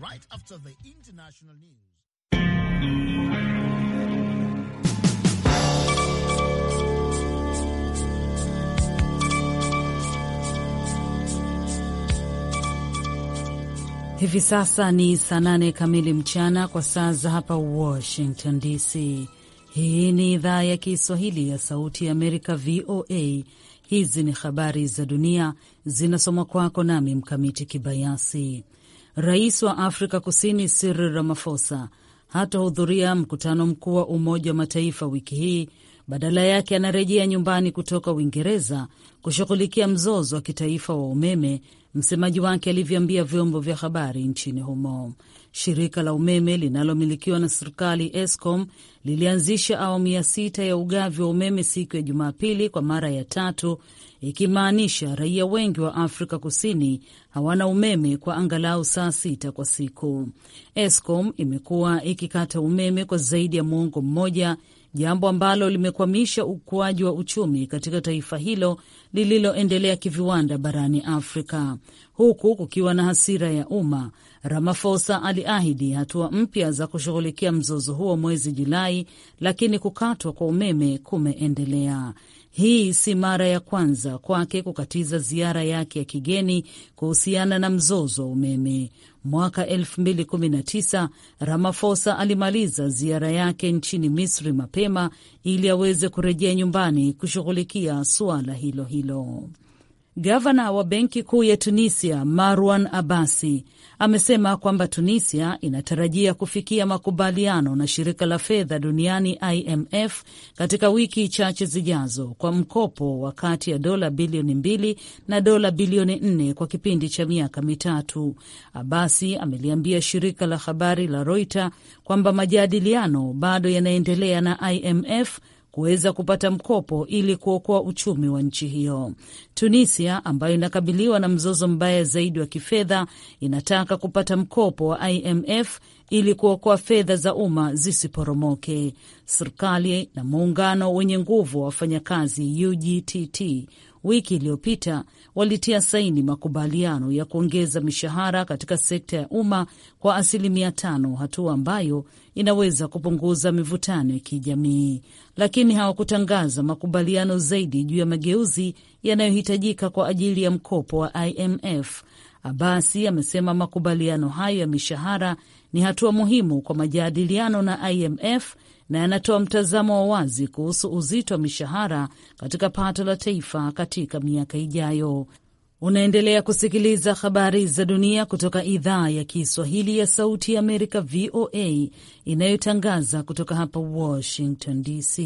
right after the international news. Hivi sasa ni saa nane kamili mchana kwa saa za hapa Washington DC. Hii ni idhaa ya Kiswahili ya Sauti ya Amerika, VOA. Hizi ni habari za dunia zinasomwa kwako nami Mkamiti Kibayasi. Rais wa Afrika Kusini Cyril Ramaphosa hatahudhuria mkutano mkuu wa Umoja wa Mataifa wiki hii. Badala yake anarejea nyumbani kutoka Uingereza kushughulikia mzozo wa kitaifa wa umeme, msemaji wake alivyoambia vyombo vya habari nchini humo. Shirika la umeme linalomilikiwa na serikali Eskom lilianzisha awamu ya sita ya ugavi wa umeme siku ya Jumapili kwa mara ya tatu, ikimaanisha raia wengi wa Afrika Kusini hawana umeme kwa angalau saa sita kwa siku. Eskom imekuwa ikikata umeme kwa zaidi ya mwongo mmoja, jambo ambalo limekwamisha ukuaji wa uchumi katika taifa hilo lililoendelea kiviwanda barani Afrika, huku kukiwa na hasira ya umma Ramaphosa aliahidi hatua mpya za kushughulikia mzozo huo mwezi Julai, lakini kukatwa kwa umeme kumeendelea. Hii si mara ya kwanza kwake kukatiza ziara yake ya kigeni kuhusiana na mzozo wa umeme. Mwaka 2019 Ramaphosa alimaliza ziara yake nchini Misri mapema ili aweze kurejea nyumbani kushughulikia suala hilo hilo. Gavana wa benki kuu ya Tunisia Marwan Abasi amesema kwamba Tunisia inatarajia kufikia makubaliano na shirika la fedha duniani IMF katika wiki chache zijazo kwa mkopo wa kati ya dola bilioni mbili na dola bilioni nne kwa kipindi cha miaka mitatu. Abasi ameliambia shirika la habari la Reuters kwamba majadiliano bado yanaendelea na IMF kuweza kupata mkopo ili kuokoa uchumi wa nchi hiyo. Tunisia ambayo inakabiliwa na mzozo mbaya zaidi wa kifedha inataka kupata mkopo wa IMF ili kuokoa fedha za umma zisiporomoke. Serikali na muungano wenye nguvu wa wafanyakazi UGTT wiki iliyopita walitia saini makubaliano ya kuongeza mishahara katika sekta ya umma kwa asilimia tano, hatua ambayo inaweza kupunguza mivutano ya kijamii, lakini hawakutangaza makubaliano zaidi juu ya mageuzi yanayohitajika kwa ajili ya mkopo wa IMF. Abasi amesema makubaliano hayo ya mishahara ni hatua muhimu kwa majadiliano na IMF na yanatoa mtazamo wa wazi kuhusu uzito wa mishahara katika pato la taifa katika miaka ijayo. Unaendelea kusikiliza habari za dunia kutoka idhaa ya Kiswahili ya Sauti ya Amerika, VOA, inayotangaza kutoka hapa Washington DC.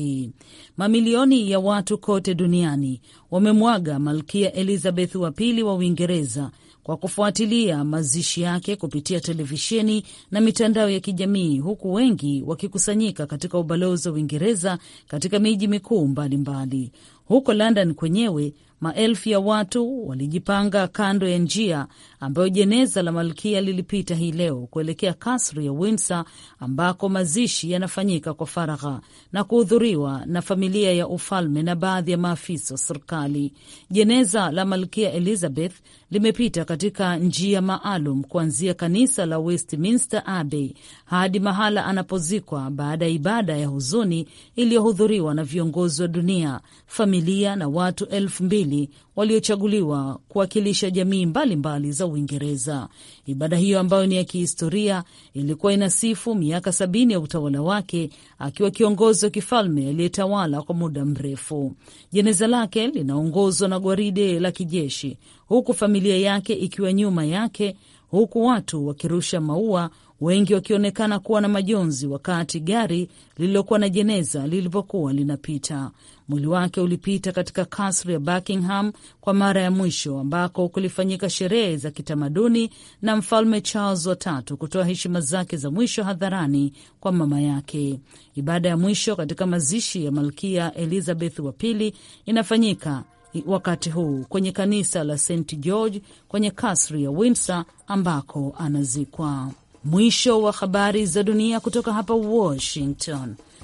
Mamilioni ya watu kote duniani wamemwaga Malkia Elizabeth wa Pili wa Uingereza kwa kufuatilia mazishi yake kupitia televisheni na mitandao ya kijamii, huku wengi wakikusanyika katika ubalozi wa Uingereza katika miji mikuu mbalimbali. Huko London kwenyewe Maelfu ya watu walijipanga kando ya njia ambayo jeneza la malkia lilipita hii leo kuelekea kasri ya Windsor ambako mazishi yanafanyika kwa faragha na kuhudhuriwa na familia ya ufalme na baadhi ya maafisa wa serikali. Jeneza la malkia Elizabeth limepita katika njia maalum kuanzia kanisa la Westminster Abbey hadi mahala anapozikwa baada ya ibada ya huzuni iliyohudhuriwa na viongozi wa dunia, familia na watu elfu mbili mawakili waliochaguliwa kuwakilisha jamii mbalimbali mbali za Uingereza. Ibada hiyo ambayo ni ya kihistoria ilikuwa inasifu miaka sabini ya utawala wake akiwa kiongozi wa kifalme aliyetawala kwa muda mrefu. Jeneza lake linaongozwa na gwaride la kijeshi, huku familia yake ikiwa nyuma yake, huku watu wakirusha maua, wengi wakionekana kuwa na majonzi wakati gari lililokuwa na jeneza lilivyokuwa linapita. Mwili wake ulipita katika kasri ya Buckingham kwa mara ya mwisho, ambako kulifanyika sherehe za kitamaduni na Mfalme Charles watatu kutoa heshima zake za mwisho hadharani kwa mama yake. Ibada ya mwisho katika mazishi ya Malkia Elizabeth wa pili inafanyika wakati huu kwenye kanisa la St George kwenye kasri ya Windsor ambako anazikwa. Mwisho wa habari za dunia kutoka hapa Washington.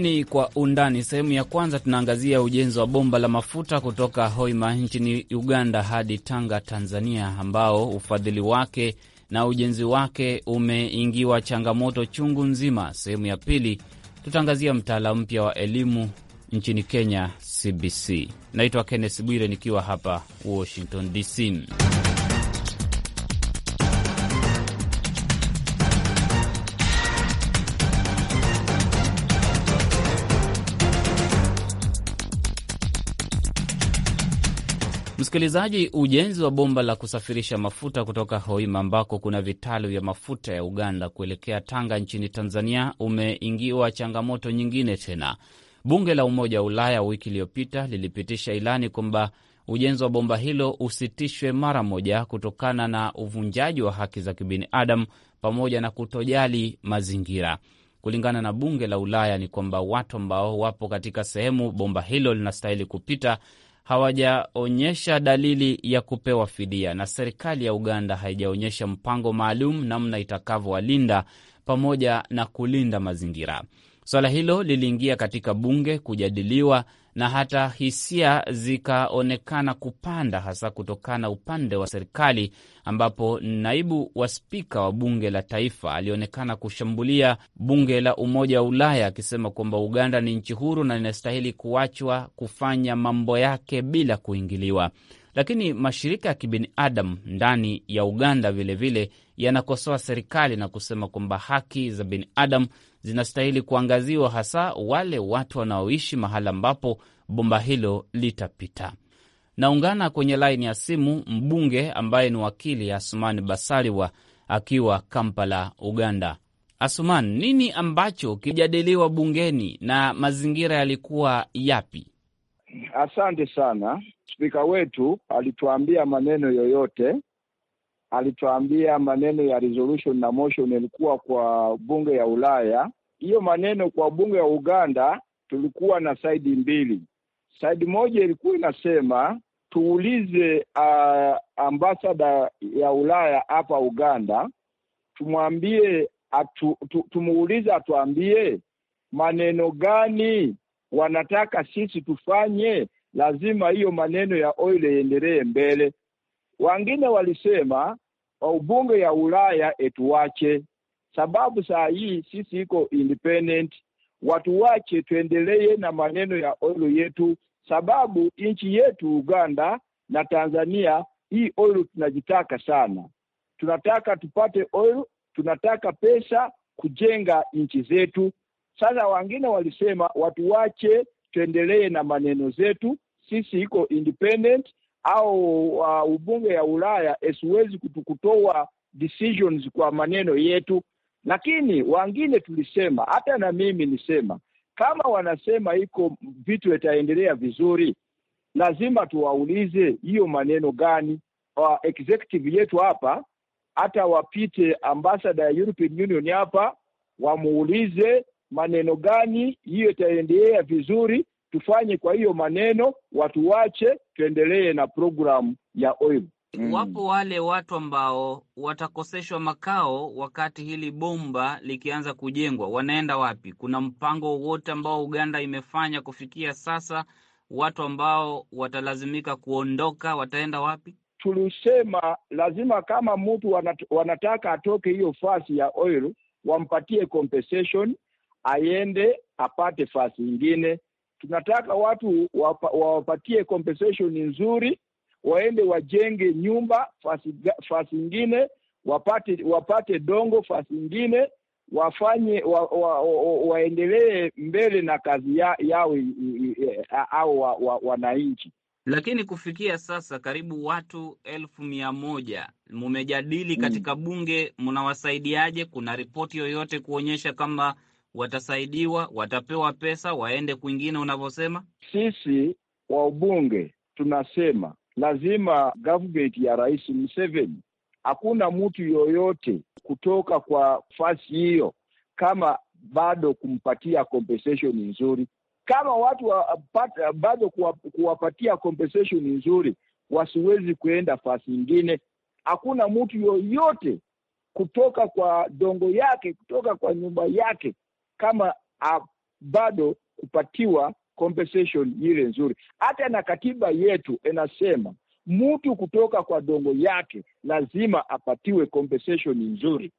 ni Kwa Undani. Sehemu ya kwanza tunaangazia ujenzi wa bomba la mafuta kutoka Hoima nchini Uganda hadi Tanga, Tanzania, ambao ufadhili wake na ujenzi wake umeingiwa changamoto chungu nzima. Sehemu ya pili tutaangazia mtaala mpya wa elimu nchini Kenya, CBC. Naitwa kennes Bwire nikiwa hapa Washington DC. Msikilizaji, ujenzi wa bomba la kusafirisha mafuta kutoka Hoima ambako kuna vitalu vya mafuta ya Uganda kuelekea Tanga nchini Tanzania umeingiwa changamoto nyingine tena. Bunge la Umoja wa Ulaya wiki iliyopita lilipitisha ilani kwamba ujenzi wa bomba hilo usitishwe mara moja kutokana na uvunjaji wa haki za kibinadamu pamoja na kutojali mazingira. Kulingana na bunge la Ulaya ni kwamba watu ambao wapo katika sehemu bomba hilo linastahili kupita hawajaonyesha dalili ya kupewa fidia, na serikali ya Uganda haijaonyesha mpango maalum namna itakavyowalinda pamoja na kulinda mazingira. Swala hilo liliingia katika bunge kujadiliwa na hata hisia zikaonekana kupanda, hasa kutokana upande wa serikali, ambapo naibu wa spika wa bunge la taifa alionekana kushambulia bunge la Umoja wa Ulaya akisema kwamba Uganda ni nchi huru na inastahili kuachwa kufanya mambo yake bila kuingiliwa. Lakini mashirika ya kibinadamu ndani ya Uganda vilevile yanakosoa serikali na kusema kwamba haki za binadamu zinastahili kuangaziwa, hasa wale watu wanaoishi mahala ambapo bomba hilo litapita. Naungana kwenye laini ya simu mbunge ambaye ni wakili Asumani Basariwa akiwa Kampala, Uganda. Asuman, nini ambacho kilijadiliwa bungeni na mazingira yalikuwa yapi? Asante sana. Spika wetu alituambia maneno yoyote alituambia maneno ya resolution na motion ilikuwa kwa bunge ya Ulaya. Hiyo maneno kwa bunge ya Uganda tulikuwa na saidi mbili. Saidi moja ilikuwa inasema tuulize uh, ambasada ya Ulaya hapa Uganda, tumwambie atu, tu, tumuulize atuambie maneno gani wanataka sisi tufanye. Lazima hiyo maneno ya oil iendelee mbele wengine walisema waubunge oh, ya Ulaya etuwache, sababu saa hii sisi iko independent, watu wache tuendelee na maneno ya oil yetu, sababu nchi yetu Uganda na Tanzania hii oil tunajitaka sana, tunataka tupate oil, tunataka pesa kujenga nchi zetu. Sasa wengine walisema watu wache tuendelee na maneno zetu, sisi iko independent, au uh, ubunge ya Ulaya isiwezi kutukutoa decisions kwa maneno yetu, lakini wengine tulisema, hata na mimi nisema kama wanasema iko vitu itaendelea vizuri, lazima tuwaulize hiyo maneno gani. Uh, executive yetu hapa hata wapite ambassador ya European Union hapa, wamuulize maneno gani hiyo itaendelea vizuri tufanye. Kwa hiyo maneno watu wache, tuendelee na programu ya oil. Mm. Wapo wale watu ambao watakoseshwa makao wakati hili bomba likianza kujengwa, wanaenda wapi? Kuna mpango wowote ambao Uganda imefanya kufikia sasa? Watu ambao watalazimika kuondoka wataenda wapi? Tulisema lazima kama mtu wanataka atoke hiyo fasi ya oil, wampatie compensation, aende apate fasi ingine tunataka watu wawapatie compensation nzuri, waende wajenge nyumba fasi, fasi ingine wapate wapate dongo fasi ingine wafanye wa, wa, wa, waendelee mbele na kazi ya, yao e, au wa, wa, wananchi. Lakini kufikia sasa karibu watu elfu mia moja mumejadili katika hmm. bunge, mnawasaidiaje? Kuna ripoti yoyote kuonyesha kama watasaidiwa, watapewa pesa waende kwingine, unavyosema? Sisi wa ubunge tunasema lazima government ya Rais Museveni, hakuna mtu yoyote kutoka kwa fasi hiyo kama bado kumpatia compensation nzuri, kama watu wapata, bado kuwapatia compensation nzuri, wasiwezi kuenda fasi ingine. Hakuna mtu yoyote kutoka kwa dongo yake, kutoka kwa nyumba yake kama a, ah, bado kupatiwa compensation ile nzuri. Hata na katiba yetu inasema mtu kutoka kwa dongo yake lazima apatiwe compensation nzuri,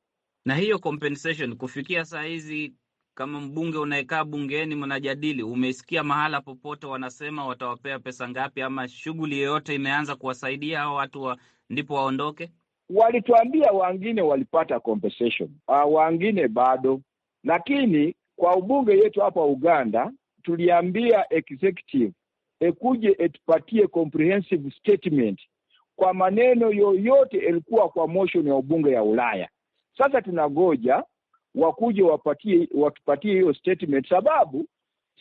na hiyo compensation kufikia saa hizi kama mbunge unaekaa bungeni mnajadili, umesikia mahala popote wanasema watawapea pesa ngapi, ama shughuli yoyote imeanza kuwasaidia hao watu wa, ndipo waondoke? Walituambia wengine walipata compensation, ah, wengine bado lakini kwa ubunge yetu hapa Uganda tuliambia executive ekuje etupatie comprehensive statement kwa maneno yoyote ilikuwa kwa motion ya ubunge ya Ulaya. Sasa tunagoja wakuje wapatie watupatie hiyo statement, sababu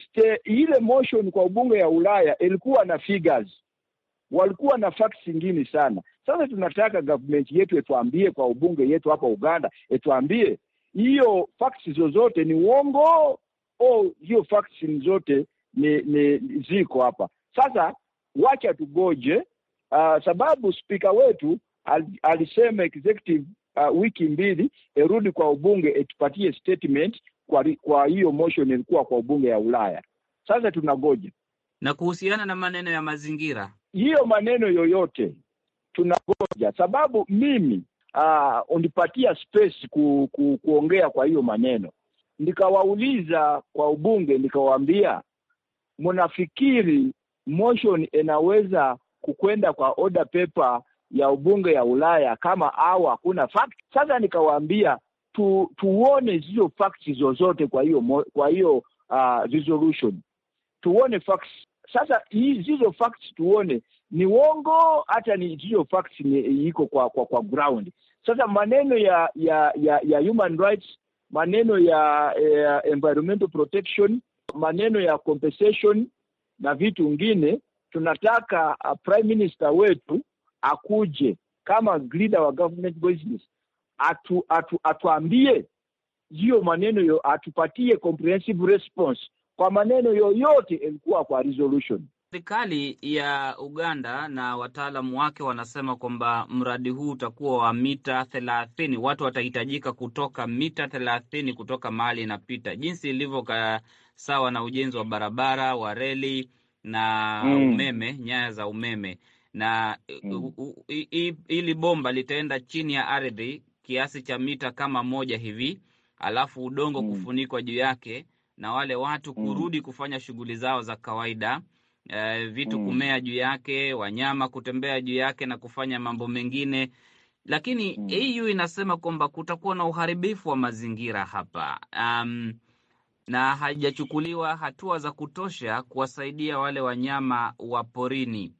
ste, ile motion kwa ubunge ya Ulaya ilikuwa na figures, walikuwa na facts nyingi sana. Sasa tunataka government yetu etuambie kwa ubunge yetu hapa Uganda etuambie hiyo faksi zozote ni uongo au hiyo faksi zote ni, ni ziko hapa. Sasa wacha tugoje, uh, sababu spika wetu al, alisema executive uh, wiki mbili irudi eh, kwa ubunge etupatie statement kwa, kwa hiyo motion ilikuwa kwa ubunge ya Ulaya. Sasa tunagoja na kuhusiana na maneno ya mazingira, hiyo maneno yoyote tunagoja, sababu mimi uh, unipatia space ku, ku, kuongea kwa hiyo maneno. Nikawauliza kwa ubunge, nikawaambia mnafikiri motion inaweza kukwenda kwa order paper ya ubunge ya Ulaya kama au hakuna fact? Sasa nikawaambia tu, tuone hizo facts zozote kwa hiyo kwa hiyo uh, resolution tuone facts. Sasa hizo facts tuone ni uongo, hata ni hiyo fact iko kwa, kwa kwa ground. Sasa maneno ya ya ya, ya human rights, maneno ya, ya environmental protection, maneno ya compensation na vitu vingine, tunataka a uh, prime minister wetu akuje kama leader wa government business atu, atu, atuambie hiyo maneno yo, atupatie comprehensive response kwa maneno yoyote elikuwa kwa resolution. Serikali ya Uganda na wataalamu wake wanasema kwamba mradi huu utakuwa wa mita thelathini. Watu watahitajika kutoka mita thelathini kutoka mahali inapita, jinsi ilivyo sawa na ujenzi wa barabara wa reli na mm. umeme, nyaya za umeme na mm. bomba litaenda chini ya ardhi kiasi cha mita kama moja hivi, alafu udongo mm. kufunikwa juu yake na wale watu mm. kurudi mm. kufanya shughuli zao za kawaida eh, vitu mm, kumea juu yake, wanyama kutembea juu yake na kufanya mambo mengine, lakini mm, inasema kwamba kutakuwa na uharibifu wa mazingira hapa um, na haijachukuliwa hatua za kutosha kuwasaidia wale wanyama wa porini.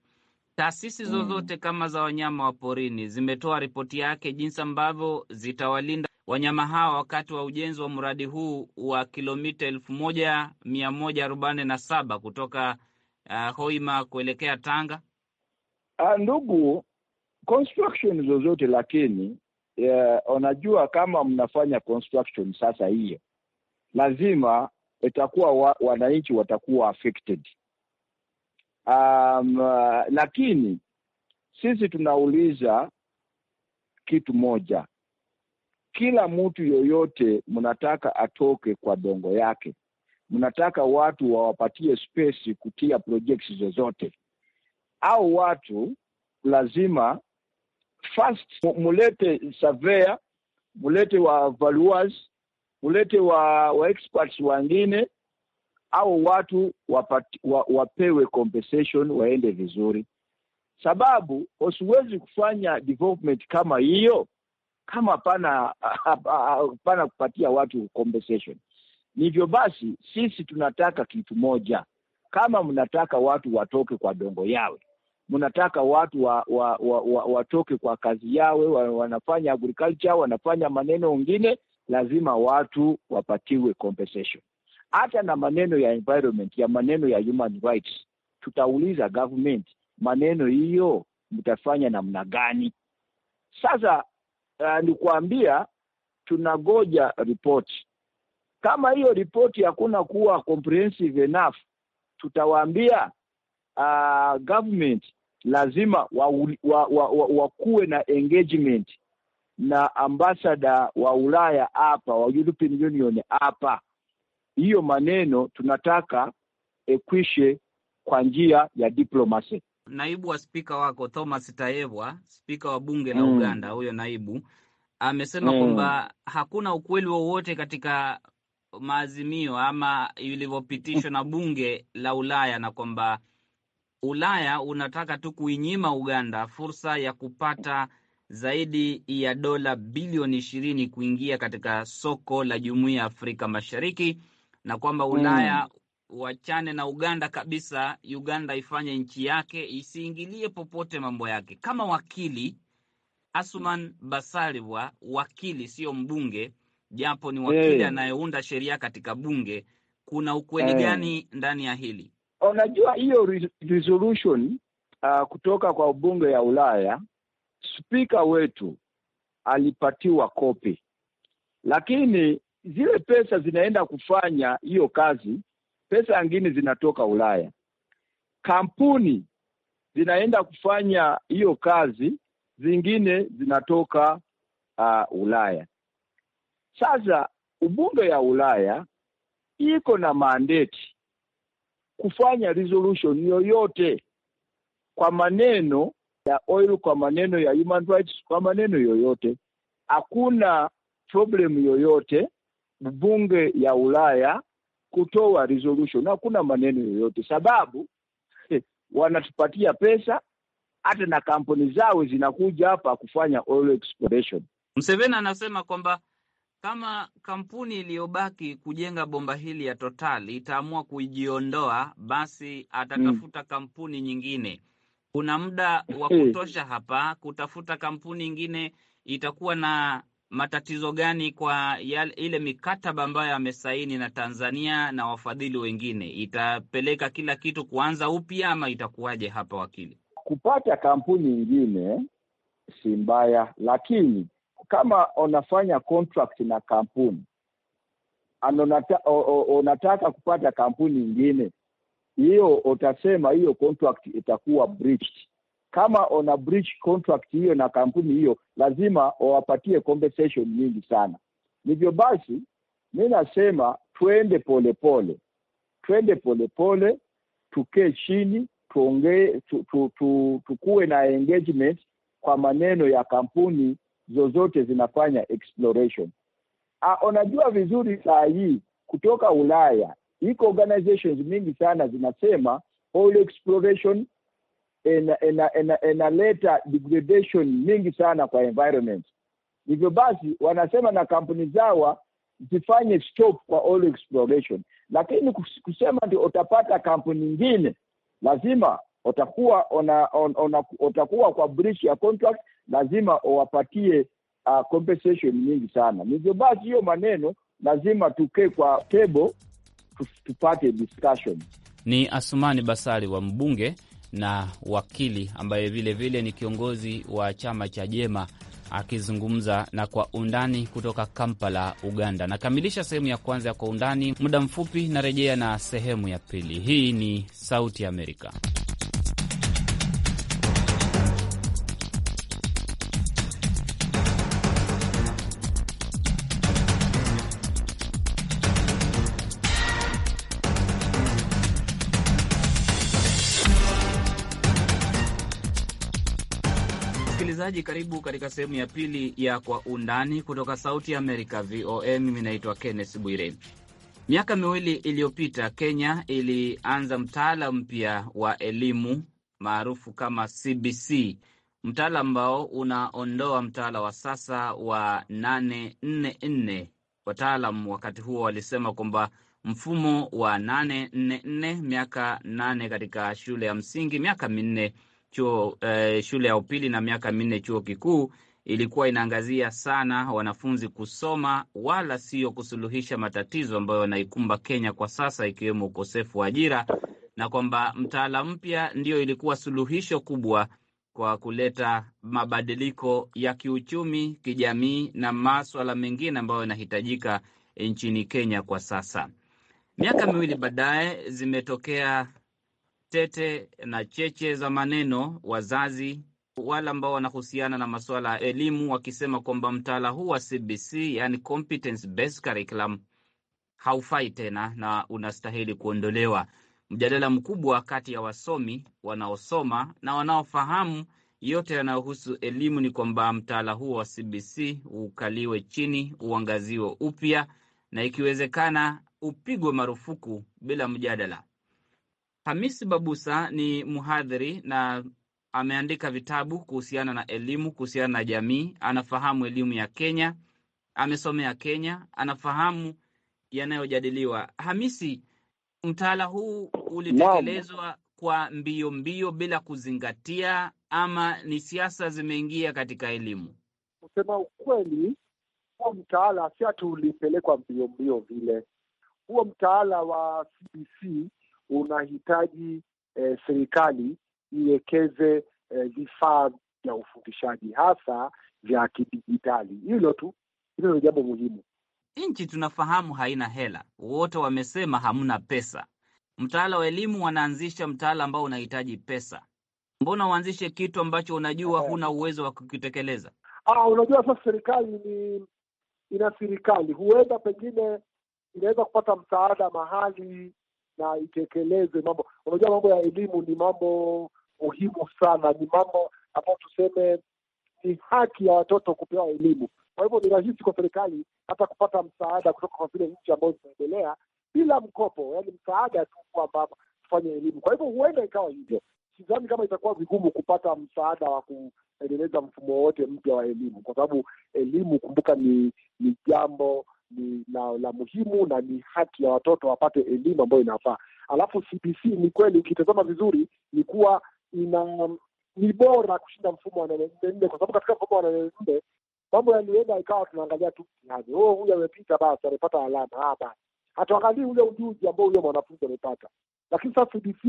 Taasisi mm. zozote mm, kama za wanyama wa porini zimetoa ripoti yake jinsi ambavyo zitawalinda wanyama hawa wakati wa ujenzi wa mradi huu wa kilomita elfu moja mia moja arobaini na saba kutoka uh, Hoima kuelekea Tanga? Uh, ndugu construction zozote, lakini eh, unajua uh, kama mnafanya construction sasa, hiyo lazima itakuwa wa, wananchi watakuwa affected um, uh, lakini sisi tunauliza kitu moja, kila mtu yoyote mnataka atoke kwa dongo yake, mnataka watu wawapatie spesi kutia projects zozote, au watu lazima first mulete surveyor, mulete wa valuers, mulete wa, wa experts wengine au watu wapati, wa, wapewe compensation waende vizuri, sababu usiwezi kufanya development kama hiyo kama pana hapana kupatia watu compensation. Nivyo basi sisi tunataka kitu moja. Kama mnataka watu watoke kwa dongo yawe, mnataka watu wa, wa, wa, wa, watoke kwa kazi yawe, wa, wanafanya agriculture, wanafanya maneno mengine, lazima watu wapatiwe compensation. Hata na maneno ya environment, ya maneno ya human rights, tutauliza government, maneno hiyo mtafanya namna gani? Sasa uh, nikuambia tunagoja ripoti kama hiyo ripoti hakuna kuwa comprehensive enough, tutawaambia uh, government lazima wakuwe wa, wa, wa, wa na engagement na ambasada wa Ulaya hapa wa European Union hapa. Hiyo maneno tunataka ekwishe kwa njia ya diplomasi. Naibu wa spika wako Thomas Tayebwa, spika wa bunge la mm. Uganda, huyo naibu amesema mm. kwamba hakuna ukweli wowote katika maazimio ama ilivyopitishwa na bunge la Ulaya na kwamba Ulaya unataka tu kuinyima Uganda fursa ya kupata zaidi ya dola bilioni ishirini kuingia katika soko la jumuiya ya Afrika Mashariki na kwamba hmm. Ulaya mm, wachane na Uganda kabisa, Uganda ifanye nchi yake, isiingilie popote mambo yake. Kama wakili Asuman Basalirwa, wakili sio mbunge, japo ni wakili hey, eh. anayeunda sheria katika bunge. Kuna ukweli hey, eh. gani ndani ya hili? Unajua hiyo resolution uh, kutoka kwa bunge ya Ulaya, spika wetu alipatiwa kopi, lakini zile pesa zinaenda kufanya hiyo kazi, pesa nyingine zinatoka Ulaya, kampuni zinaenda kufanya hiyo kazi, zingine zinatoka uh, Ulaya. Sasa ubunge ya Ulaya iko na mandate kufanya resolution yoyote kwa maneno ya oil, kwa maneno ya human rights, kwa maneno yoyote. Hakuna problem yoyote bunge ya Ulaya kutoa resolution, hakuna maneno yoyote sababu eh, wanatupatia pesa hata na kampuni zao zinakuja hapa kufanya oil exploration. Museveni anasema kwamba kama kampuni iliyobaki kujenga bomba hili ya Total itaamua kujiondoa, basi atatafuta mm. kampuni nyingine. Kuna muda wa hmm. kutosha hapa kutafuta kampuni nyingine. Itakuwa na matatizo gani kwa yale, ile mikataba ambayo amesaini na Tanzania na wafadhili wengine? Itapeleka kila kitu kuanza upya ama itakuwaje hapa, wakili? Kupata kampuni nyingine si mbaya, lakini kama unafanya contract na kampuni unataka kupata kampuni ingine, hiyo utasema hiyo contract itakuwa breached. Kama una breach contract hiyo na kampuni hiyo, lazima wapatie compensation nyingi sana. Hivyo basi, mi nasema twende polepole, twende polepole, tukee chini, tuongee, tu, tu, tu, tukuwe na engagement kwa maneno ya kampuni zozote zinafanya exploration. Ah, unajua vizuri saa hii kutoka Ulaya iko organizations mingi sana zinasema oil exploration inaleta degradation mingi sana kwa environment. Hivyo basi wanasema na kampuni zao zifanye stop kwa oil exploration, lakini kusema ndio utapata kampuni nyingine, lazima utakuwa ona, on, on, utakuwa kwa breach ya contract lazima uwapatie uh, ah, compensation nyingi sana. Nivyo basi, hiyo maneno lazima tukae kwa table tupate discussion. Ni Asumani Basari wa mbunge na wakili ambaye vilevile vile ni kiongozi wa chama cha Jema akizungumza na Kwa Undani kutoka Kampala, Uganda. Nakamilisha sehemu ya kwanza ya Kwa Undani. Muda mfupi narejea na sehemu ya pili. Hii ni Sauti Amerika. Msikilizaji, karibu katika sehemu ya pili ya Kwa Undani kutoka Sauti ya Amerika, VOA. Mimi naitwa Kenneth Bwire. Miaka miwili iliyopita, Kenya ilianza mtaala mpya wa elimu maarufu kama CBC, mtaala ambao unaondoa mtaala wa sasa wa 844. Wataalam wakati huo walisema kwamba mfumo wa 844, miaka 8 katika shule ya msingi, miaka minne chuo eh, shule ya upili na miaka minne chuo kikuu ilikuwa inaangazia sana wanafunzi kusoma wala sio kusuluhisha matatizo ambayo wanaikumba Kenya kwa sasa ikiwemo ukosefu wa ajira, na kwamba mtaala mpya ndiyo ilikuwa suluhisho kubwa kwa kuleta mabadiliko ya kiuchumi, kijamii na maswala mengine ambayo yanahitajika nchini Kenya kwa sasa. Miaka miwili baadaye zimetokea tete na cheche za maneno, wazazi wale ambao wanahusiana na masuala ya elimu wakisema kwamba mtaala huu wa CBC, yani competence based curriculum, haufai tena na unastahili kuondolewa. Mjadala mkubwa kati ya wasomi wanaosoma na wanaofahamu yote yanayohusu elimu ni kwamba mtaala huo wa CBC ukaliwe chini, uangaziwe upya na ikiwezekana upigwe marufuku bila mjadala. Hamisi Babusa ni mhadhiri na ameandika vitabu kuhusiana na elimu, kuhusiana na jamii. Anafahamu elimu ya Kenya, amesomea Kenya, anafahamu yanayojadiliwa. Hamisi, mtaala huu ulitekelezwa kwa mbio mbio bila kuzingatia, ama ni siasa zimeingia katika elimu? Kusema ukweli, huo mtaala si ati ulipelekwa mbio mbio vile. Huo mtaala wa CBC unahitaji eh, serikali iwekeze eh, vifaa eh, vya ufundishaji hasa vya kidijitali. Hilo tu, hilo ni jambo muhimu. Nchi tunafahamu haina hela, wote wamesema hamna pesa. Mtaala wa elimu wanaanzisha mtaala ambao unahitaji pesa. Mbona uanzishe kitu ambacho unajua eh. huna uwezo wa kukitekeleza? Ah, unajua sasa serikali ni ina serikali, huenda pengine inaweza kupata msaada mahali na itekeleze mambo. Unajua, mambo ya elimu ni mambo muhimu sana, ni mambo ambayo tuseme ni haki ya watoto kupewa elimu. Kwa hivyo ni rahisi kwa serikali hata kupata msaada kutoka kwa zile nchi ambazo zinaendelea bila mkopo, yani msaada tu kwamba tufanye elimu. Kwa hivyo huenda ikawa hivyo, sidhani kama itakuwa vigumu kupata msaada wa kuendeleza mfumo wowote mpya wa elimu, kwa sababu elimu, kumbuka, ni ni jambo ni la, la muhimu na ni haki ya watoto wapate elimu ambayo inafaa. Alafu CBC ni kweli, ukitazama vizuri, ni kuwa ina ni bora kushinda mfumo wa nane nne nne, kwa sababu katika mfumo wa nane nne mambo yalienda ikawa tunaangalia tu mtihani, oh, huyu amepita basi, amepata alama ah, basi hatuangalii ule ujuzi ambao huyo mwanafunzi amepata. Lakini sasa CBC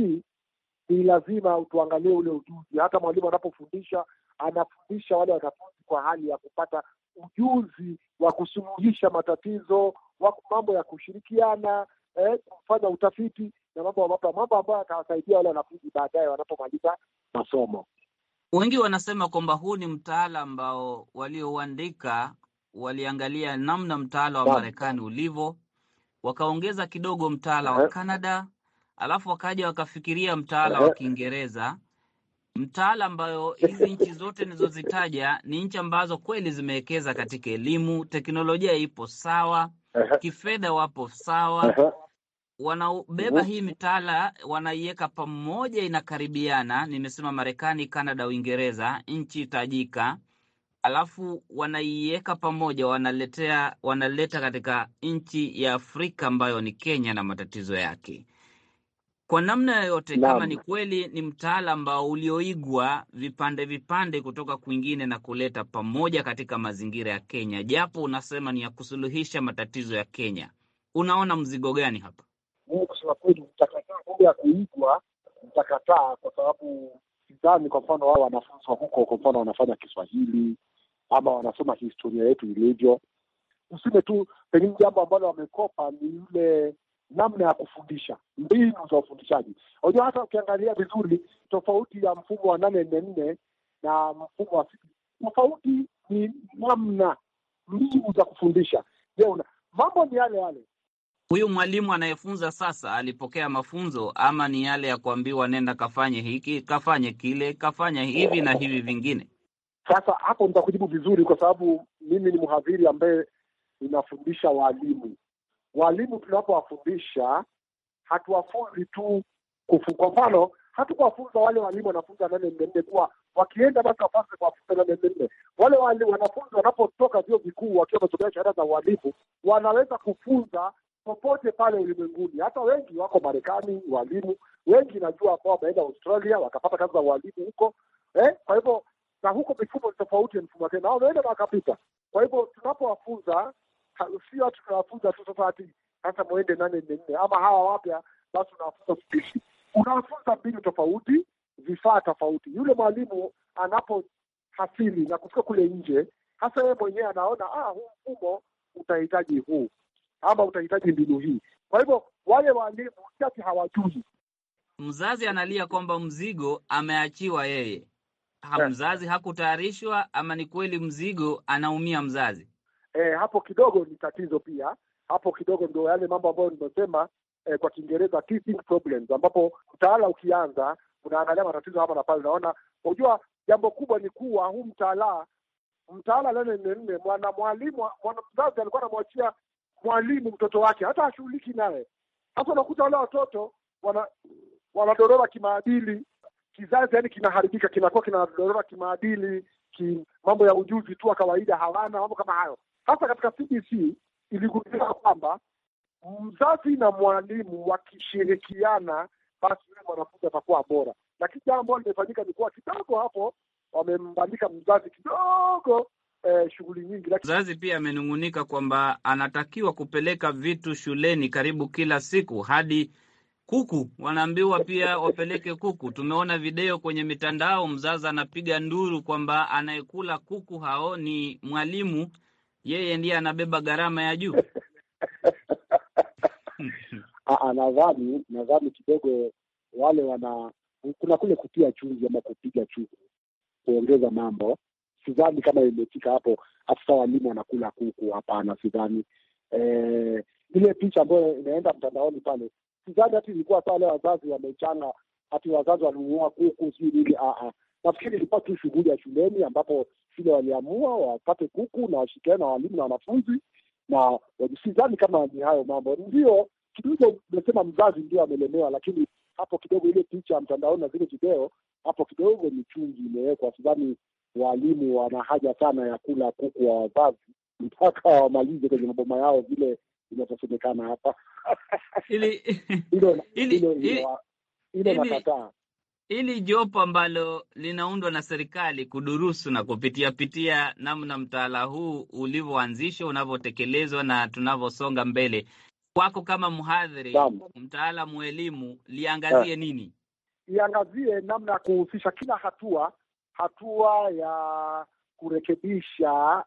ni lazima tuangalie ule ujuzi. Hata mwalimu anapofundisha, anafundisha wale wanafunzi kwa hali ya kupata ujuzi wa kusuluhisha matatizo, wako mambo ya kushirikiana, eh, kufanya utafiti na mambo mapya, mambo ambayo atawasaidia wale wanafunzi baadaye wanapomaliza masomo. Wengi wanasema kwamba huu ni mtaala ambao waliouandika waliangalia namna mtaala wa Marekani ulivyo, wakaongeza kidogo mtaala wa eh. Canada, alafu wakaja wakafikiria mtaala wa eh. Kiingereza mtaala ambayo hizi nchi zote nilizozitaja ni nchi ambazo kweli zimewekeza katika elimu, teknolojia ipo sawa, kifedha wapo sawa, wanaobeba mhm. hii mitaala wanaiweka pamoja, inakaribiana. Nimesema Marekani, Kanada, Uingereza, nchi tajika, alafu wanaiweka pamoja, wanaletea wanaleta katika nchi ya Afrika ambayo ni Kenya na matatizo yake. Kwa namna yoyote, kama ni kweli ni mtaala ambao ulioigwa vipande vipande kutoka kwingine na kuleta pamoja katika mazingira ya Kenya, japo unasema ni ya kusuluhisha matatizo ya Kenya, unaona mzigo gani hapa? Mimi kusema kweli, mtakataa mambo ya kuigwa, mtakataa kwa sababu sidhani, kwa mfano wao wanafunzwa huko, kwa mfano wanafanya Kiswahili ama wanasoma historia yetu ilivyo, usime tu pengine jambo ambalo wamekopa ni yule namna ya kufundisha, mbinu za ufundishaji. Unajua, hata ukiangalia vizuri, tofauti ya mfumo wa nane nne nne na mfumo wa tofauti ni namna, mbinu za kufundisha. Je, una mambo ni yale yale. Huyu mwalimu anayefunza sasa alipokea mafunzo ama ni yale ya kuambiwa nenda kafanye hiki kafanye kile kafanye hivi na hivi vingine? Sasa hapo nitakujibu vizuri, kwa sababu mimi ni mhadhiri ambaye inafundisha waalimu Walimu tunapowafundisha hatuwafunzi tu kufu. Kwa mfano, hatukuwafunza wale walimu wanafunza nane nne nne kuwa wakienda basi wapase kuwafunza nane nne nne. Wale wanafunzi wanapotoka vyuo vikuu wakiwa wamesomea shahada za ualimu wanaweza kufunza popote pale ulimwenguni. Hata wengi wako Marekani, walimu wengi najua ambao wameenda Australia wakapata kazi za ualimu huko eh? Kwa hivyo na huko mifumo ni tofauti ya mfumo tena, wameenda na wakapita. Kwa hivyo tunapowafunza sio watu tunawafunza tu sasa hati sasa mwende nane nne nne ama hawa wapya, basi unawafunza spishi, unawafunza mbinu tofauti, vifaa tofauti. Yule mwalimu anapohasili na kufika kule nje, hasa yeye mwenyewe anaona ah, huu mfumo utahitaji huu ama utahitaji mbinu hii. Kwa hivyo wale walimu sasi hawajui. Mzazi analia kwamba mzigo ameachiwa yeye ha, eh. mzazi hakutayarishwa ama ni kweli mzigo anaumia mzazi eh, hapo kidogo ni tatizo pia. Hapo kidogo ndio yale mambo ambayo nimesema eh, kwa Kiingereza teething problems, ambapo mtaala ukianza unaangalia matatizo hapa na pale, unaona. Unajua, jambo kubwa ni kuwa huu mtaala mtaala leo nne nne, mwana mwalimu mwana mzazi alikuwa anamwachia mwalimu mtoto wake, hata hashughuliki naye. Sasa unakuta wale watoto wana wanadorora kimaadili, kizazi yani kinaharibika, kinakuwa kinadorora kimaadili, ki mambo ya ujuzi tu wa kawaida hawana, mambo kama hayo. Sasa katika CBC iligundulika kwamba mzazi na mwalimu wakishirikiana, basi yule mwanafunzi atakuwa bora. Lakini jambo limefanyika ni kuwa kidogo hapo wamembandika mzazi kidogo Eh, shughuli nyingi lakini mzazi pia amenung'unika kwamba anatakiwa kupeleka vitu shuleni karibu kila siku, hadi kuku wanaambiwa pia wapeleke kuku. Tumeona video kwenye mitandao, mzazi anapiga nduru kwamba anayekula kuku hao ni mwalimu yeye ndiye anabeba gharama ya juu. Ah, ah, nadhani nadhani kidogo wale wana kuna kule kutia chumvi ama kupiga chuku kuongeza mambo. Sidhani kama imefika hapo, afisa walimu wanakula kuku. Hapana, sidhani eh, ile picha ambayo inaenda mtandaoni pale, sidhani hati ilikuwa pale wazazi wamechanga, hati wazazi walinunua kuku sijui nini. Ah, Nafikiri ilikuwa tu shughuli ya shuleni ambapo shule waliamua wapate kuku na washirikiane na walimu na wanafunzi, na sidhani kama ni hayo mambo. Ndio kidogo hicho umesema, mzazi ndio amelemewa, lakini hapo kidogo ile picha mtandaoni na zile video, hapo kidogo michungi imewekwa. Sidhani walimu wana haja sana ya kula kuku wa wazazi mpaka wamalize kwenye maboma yao vile inavyosemekana hapa. ili ili ili ili ili jopo ambalo linaundwa na serikali kudurusu na kupitiapitia namna mtaala huu ulivyoanzishwa, unavyotekelezwa na tunavyosonga mbele, kwako kama mhadhiri, mtaalamu wa elimu, liangazie eh. nini? Liangazie namna ya kuhusisha kila hatua, hatua ya kurekebisha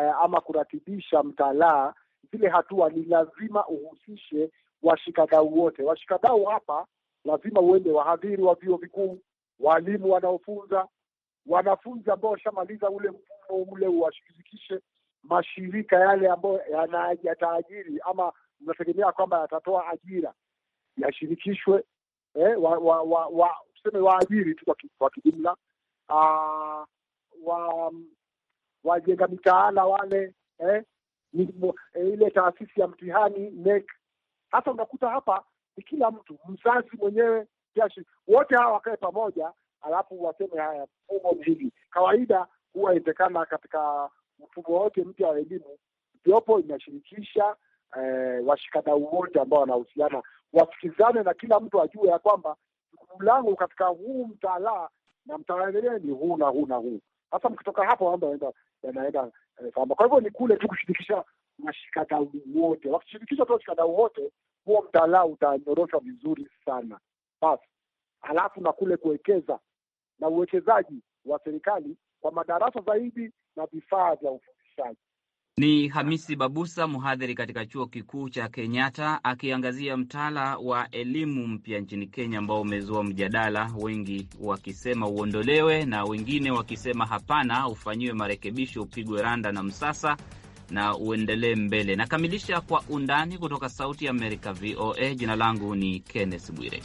eh, ama kuratibisha mtaala. Zile hatua ni lazima uhusishe washikadau wote. Washikadau hapa lazima uende wahadhiri wa vyuo vikuu, walimu wanaofunza, wanafunzi ambao washamaliza ule mfumo ule, uwashirikishe mashirika yale ambayo yataajiri ama unategemea kwamba yatatoa ajira, yashirikishwe eh, wa, wa, wa, wa, tuseme waajiri tu kwa kijumla, ah, wa wajenga mitaala wale eh, eh ile taasisi ya mtihani NEC. Hasa unakuta hapa ni kila mtu, mzazi mwenyewe, jeshi, wote hawa wakae pamoja, alafu waseme haya, mfumo hivi. Kawaida huwa inawezekana katika mfumo wote mpya wa elimu jopo inashirikisha eh, washikadau wote ambao wanahusiana, wasikizane na kila mtu ajue ya kwamba jukumu langu katika huu mtaala na mtaala ni huu na huu na huu. Sasa mkitoka hapo mambo yanaenda eh, sambamba. Kwa hivyo ni kule tu kushirikisha washikadau wote, wakishirikisha tu washikadau wote huo mtaala utanyoroshwa vizuri sana basi. Halafu na kule kuwekeza na uwekezaji wa serikali kwa madarasa zaidi na vifaa vya ufundishaji. Ni Hamisi Babusa, mhadhiri katika chuo kikuu cha Kenyatta, akiangazia mtaala wa elimu mpya nchini Kenya ambao umezua mjadala, wengi wakisema uondolewe na wengine wakisema hapana, ufanyiwe marekebisho, upigwe randa na msasa na uendelee mbele. Nakamilisha kwa undani kutoka Sauti ya Amerika, VOA. Jina langu ni Kenneth Bwire.